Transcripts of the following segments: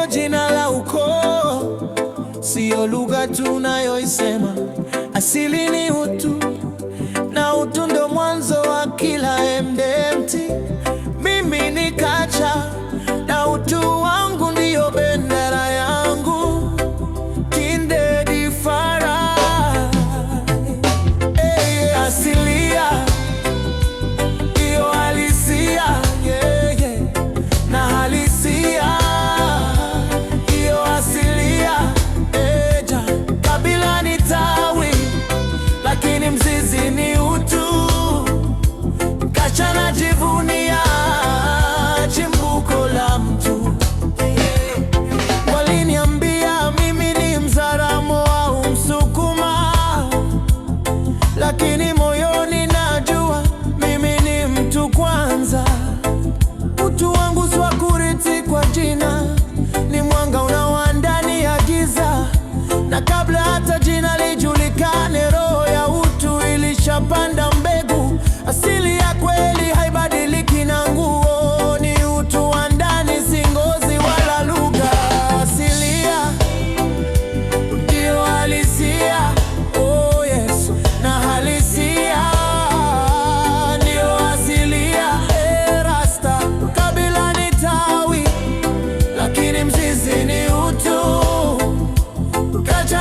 sio jina la ukoo, siyo lugha tunayoisema. Asili ni utu, na utu ndo mwanzo wa kila MDMT. Mimi ni Kacha.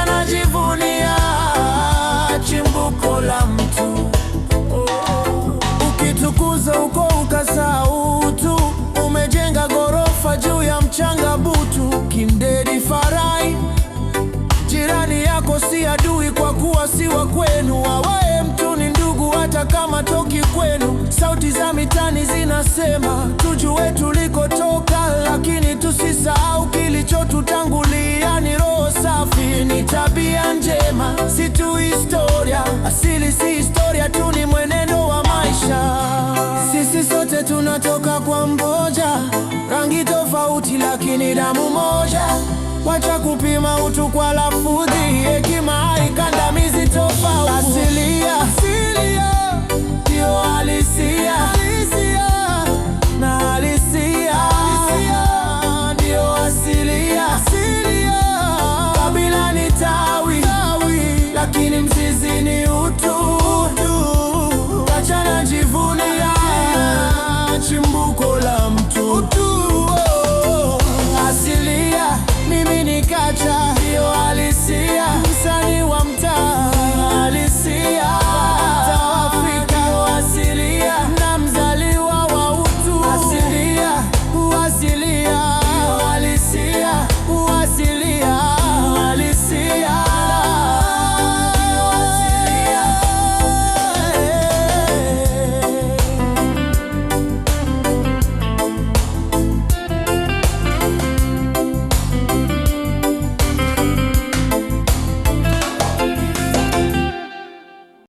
anajivunia chimbuko la mtu. Ukitukuza uko ukasahau utu, umejenga ghorofa juu ya mchanga butu. Kindedi Farai, jirani yako si adui, kwa kuwa si wa kwenu. Awaye mtu ni ndugu, hata kama toki kwenu. Sauti za mitani zinasema tujue tulikotoka, lakini tusisahau tofauti lakini damu moja. Wacha kupima utu kwa lafudhi, hekima haikandamizi tofauti. Asilia ndio halisia, asilia.